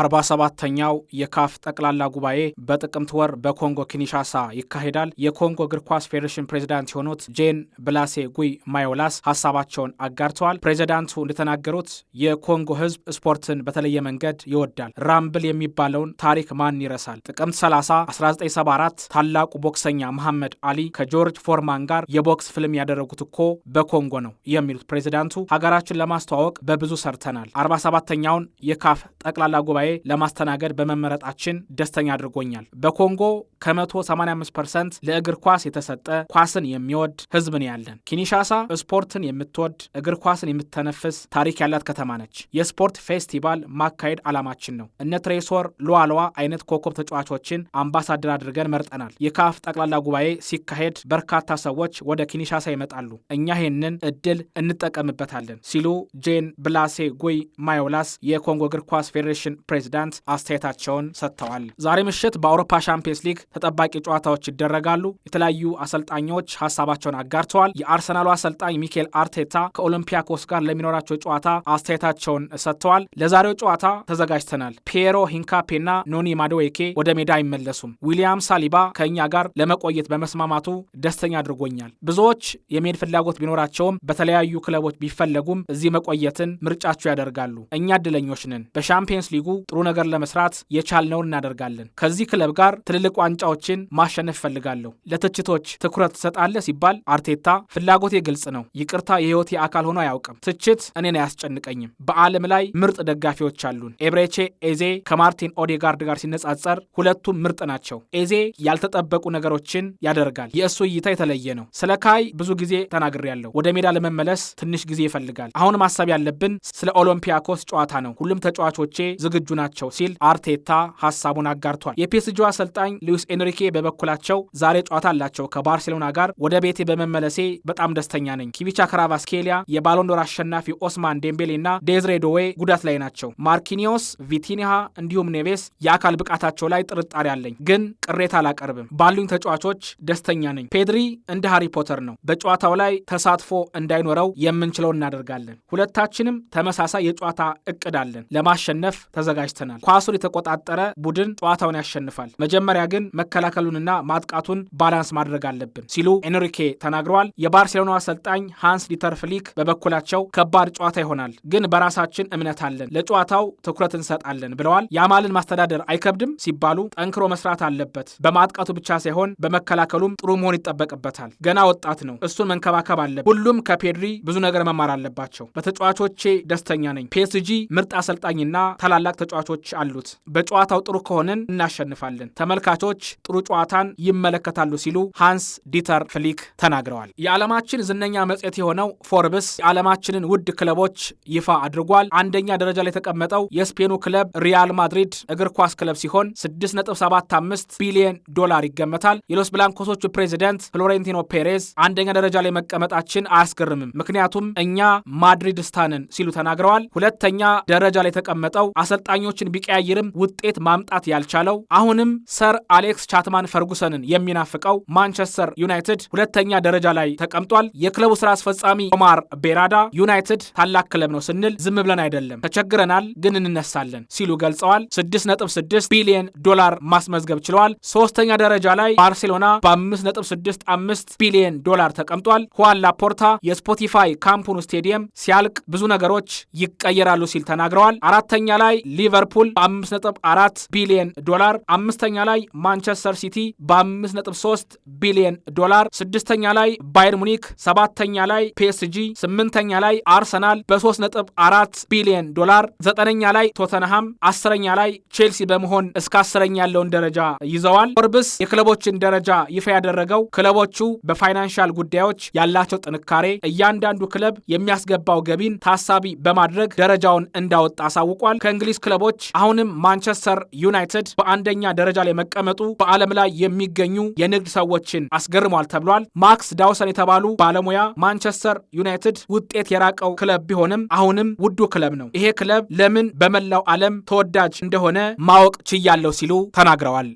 አርባ ሰባተኛው የካፍ ጠቅላላ ጉባኤ በጥቅምት ወር በኮንጎ ኪንሻሳ ይካሄዳል። የኮንጎ እግር ኳስ ፌዴሬሽን ፕሬዚዳንት የሆኑት ጄን ብላሴ ጉይ ማዮላስ ሀሳባቸውን አጋርተዋል። ፕሬዚዳንቱ እንደተናገሩት የኮንጎ ሕዝብ ስፖርትን በተለየ መንገድ ይወዳል። ራምብል የሚባለውን ታሪክ ማን ይረሳል? ጥቅምት 30 1974 ታላቁ ቦክሰኛ መሐመድ አሊ ከጆርጅ ፎርማን ጋር የቦክስ ፊልም ያደረጉት እኮ በኮንጎ ነው የሚሉት ፕሬዚዳንቱ ሀገራችን ለማስተዋወቅ በብዙ ሰርተናል። አርባ ሰባተኛውን የካፍ ጠቅላላ ጉባኤ ጉባኤ ለማስተናገድ በመመረጣችን ደስተኛ አድርጎኛል። በኮንጎ ከ185 ፐርሰንት ለእግር ኳስ የተሰጠ ኳስን የሚወድ ህዝብ ያለን። ኪንሻሳ ስፖርትን የምትወድ እግር ኳስን የምትተነፍስ ታሪክ ያላት ከተማ ነች። የስፖርት ፌስቲቫል ማካሄድ አላማችን ነው። እነ ትሬሶር ሉዋሉዋ አይነት ኮከብ ተጫዋቾችን አምባሳደር አድርገን መርጠናል። የካፍ ጠቅላላ ጉባኤ ሲካሄድ በርካታ ሰዎች ወደ ኪንሻሳ ይመጣሉ። እኛ ይህንን እድል እንጠቀምበታለን ሲሉ ጄን ብላሴ ጉይ ማዮላስ የኮንጎ እግር ኳስ ፌዴሬሽን ፕሬዚዳንት አስተያየታቸውን ሰጥተዋል። ዛሬ ምሽት በአውሮፓ ሻምፒየንስ ሊግ ተጠባቂ ጨዋታዎች ይደረጋሉ። የተለያዩ አሰልጣኞች ሀሳባቸውን አጋርተዋል። የአርሰናሉ አሰልጣኝ ሚኬል አርቴታ ከኦሎምፒያኮስ ጋር ለሚኖራቸው ጨዋታ አስተያየታቸውን ሰጥተዋል። ለዛሬው ጨዋታ ተዘጋጅተናል። ፒየሮ ሂንካፔና ኖኒ ማዶዌኬ ወደ ሜዳ አይመለሱም። ዊሊያም ሳሊባ ከእኛ ጋር ለመቆየት በመስማማቱ ደስተኛ አድርጎኛል። ብዙዎች የሜድ ፍላጎት ቢኖራቸውም በተለያዩ ክለቦች ቢፈለጉም እዚህ መቆየትን ምርጫቸው ያደርጋሉ። እኛ እድለኞች ነን። በሻምፒየንስ ሊጉ ጥሩ ነገር ለመስራት የቻልነውን እናደርጋለን። ከዚህ ክለብ ጋር ትልልቅ ዋንጫዎችን ማሸነፍ እፈልጋለሁ። ለትችቶች ትኩረት ትሰጣለ ሲባል አርቴታ ፍላጎቴ ግልጽ ነው። ይቅርታ የህይወቴ አካል ሆኖ አያውቅም። ትችት እኔን አያስጨንቀኝም። በዓለም ላይ ምርጥ ደጋፊዎች አሉን። ኤብሬቼ ኤዜ ከማርቲን ኦዴጋርድ ጋር ሲነጻጸር ሁለቱም ምርጥ ናቸው። ኤዜ ያልተጠበቁ ነገሮችን ያደርጋል። የእሱ እይታ የተለየ ነው። ስለ ካይ ብዙ ጊዜ ተናግሬያለሁ። ወደ ሜዳ ለመመለስ ትንሽ ጊዜ ይፈልጋል። አሁን ማሰብ ያለብን ስለ ኦሎምፒያኮስ ጨዋታ ነው። ሁሉም ተጫዋቾቼ ዝግ የተዘጋጁ ናቸው ሲል አርቴታ ሀሳቡን አጋርቷል። የፒኤስጂው አሰልጣኝ ሉዊስ ኤንሪኬ በበኩላቸው ዛሬ ጨዋታ አላቸው ከባርሴሎና ጋር ወደ ቤቴ በመመለሴ በጣም ደስተኛ ነኝ። ኪቪቻ ክራቫስኬሊያ፣ የባሎንዶር አሸናፊ ኦስማን ዴምቤሌ እና ዴዝሬዶዌ ጉዳት ላይ ናቸው። ማርኪኒዮስ፣ ቪቲኒሃ እንዲሁም ኔቬስ የአካል ብቃታቸው ላይ ጥርጣሬ አለኝ፣ ግን ቅሬታ አላቀርብም። ባሉኝ ተጫዋቾች ደስተኛ ነኝ። ፔድሪ እንደ ሃሪ ፖተር ነው። በጨዋታው ላይ ተሳትፎ እንዳይኖረው የምንችለው እናደርጋለን። ሁለታችንም ተመሳሳይ የጨዋታ እቅድ አለን። ለማሸነፍ ተዘጋ ተዘጋጅተናል። ኳሱን የተቆጣጠረ ቡድን ጨዋታውን ያሸንፋል። መጀመሪያ ግን መከላከሉንና ማጥቃቱን ባላንስ ማድረግ አለብን ሲሉ ኤንሪኬ ተናግረዋል። የባርሴሎና አሰልጣኝ ሃንስ ዲተር ፍሊክ በበኩላቸው ከባድ ጨዋታ ይሆናል፣ ግን በራሳችን እምነት አለን፣ ለጨዋታው ትኩረት እንሰጣለን ብለዋል። ያማልን ማስተዳደር አይከብድም ሲባሉ ጠንክሮ መስራት አለበት፣ በማጥቃቱ ብቻ ሳይሆን በመከላከሉም ጥሩ መሆን ይጠበቅበታል። ገና ወጣት ነው፣ እሱን መንከባከብ አለብን። ሁሉም ከፔድሪ ብዙ ነገር መማር አለባቸው። በተጫዋቾቼ ደስተኛ ነኝ። ፒኤስጂ ምርጥ አሰልጣኝና ታላላቅ ተጫዋቾች አሉት። በጨዋታው ጥሩ ከሆንን እናሸንፋለን፣ ተመልካቾች ጥሩ ጨዋታን ይመለከታሉ ሲሉ ሃንስ ዲተር ፍሊክ ተናግረዋል። የዓለማችን ዝነኛ መጽሔት የሆነው ፎርብስ የዓለማችንን ውድ ክለቦች ይፋ አድርጓል። አንደኛ ደረጃ ላይ የተቀመጠው የስፔኑ ክለብ ሪያል ማድሪድ እግር ኳስ ክለብ ሲሆን 6.75 ቢሊዮን ዶላር ይገመታል። የሎስ ብላንኮሶቹ ፕሬዚደንት ፍሎሬንቲኖ ፔሬዝ አንደኛ ደረጃ ላይ መቀመጣችን አያስገርምም፣ ምክንያቱም እኛ ማድሪድ ስታንን ሲሉ ተናግረዋል። ሁለተኛ ደረጃ ላይ የተቀመጠው አሰልጣ አሰልጣኞችን ቢቀያይርም ውጤት ማምጣት ያልቻለው አሁንም ሰር አሌክስ ቻትማን ፈርጉሰንን የሚናፍቀው ማንቸስተር ዩናይትድ ሁለተኛ ደረጃ ላይ ተቀምጧል። የክለቡ ስራ አስፈጻሚ ኦማር ቤራዳ ዩናይትድ ታላቅ ክለብ ነው ስንል ዝም ብለን አይደለም፣ ተቸግረናል፣ ግን እንነሳለን ሲሉ ገልጸዋል። 6.6 ቢሊዮን ዶላር ማስመዝገብ ችለዋል። ሶስተኛ ደረጃ ላይ ባርሴሎና በ5.65 ቢሊዮን ዶላር ተቀምጧል። ሁዋን ላፖርታ የስፖቲፋይ ካምፑኑ ስቴዲየም ሲያልቅ ብዙ ነገሮች ይቀየራሉ ሲል ተናግረዋል። አራተኛ ላይ ሊቨርፑል በ54 ቢሊዮን ቢሊየን ዶላር፣ አምስተኛ ላይ ማንቸስተር ሲቲ በ53 ቢሊዮን ቢሊየን ዶላር፣ ስድስተኛ ላይ ባየር ሙኒክ፣ ሰባተኛ ላይ ፒኤስጂ፣ ስምንተኛ ላይ አርሰናል በ3.4 አራት ቢሊየን ዶላር፣ ዘጠነኛ ላይ ቶተንሃም፣ አስረኛ ላይ ቼልሲ በመሆን እስከ አስረኛ ያለውን ደረጃ ይዘዋል። ፎርብስ የክለቦችን ደረጃ ይፋ ያደረገው ክለቦቹ በፋይናንሻል ጉዳዮች ያላቸው ጥንካሬ እያንዳንዱ ክለብ የሚያስገባው ገቢን ታሳቢ በማድረግ ደረጃውን እንዳወጣ አሳውቋል። ከእንግሊዝ ክለቦች አሁንም ማንቸስተር ዩናይትድ በአንደኛ ደረጃ ላይ መቀመጡ በዓለም ላይ የሚገኙ የንግድ ሰዎችን አስገርሟል ተብሏል። ማክስ ዳውሰን የተባሉ ባለሙያ ማንቸስተር ዩናይትድ ውጤት የራቀው ክለብ ቢሆንም አሁንም ውዱ ክለብ ነው፣ ይሄ ክለብ ለምን በመላው ዓለም ተወዳጅ እንደሆነ ማወቅ ችያለሁ ሲሉ ተናግረዋል።